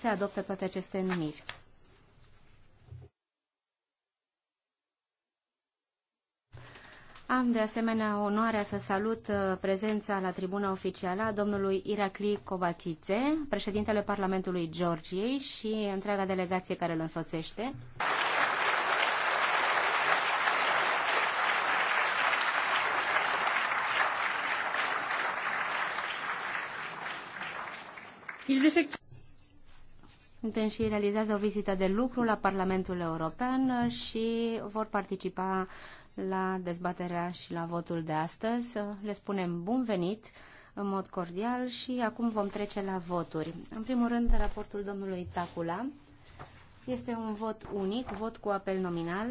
se adoptă toate aceste numiri. Am de asemenea onoarea să salut uh, prezența la tribuna oficială a domnului Irakli Kovachidze, președintele Parlamentului Georgiei și întreaga delegație care îl însoțește. Ils effectuent Dânsii realizează o vizită de lucru la Parlamentul European și vor participa la dezbaterea și la votul de astăzi. Le spunem bun venit în mod cordial și acum vom trece la voturi. În primul rând, raportul domnului Tacula este un vot unic, vot cu apel nominal.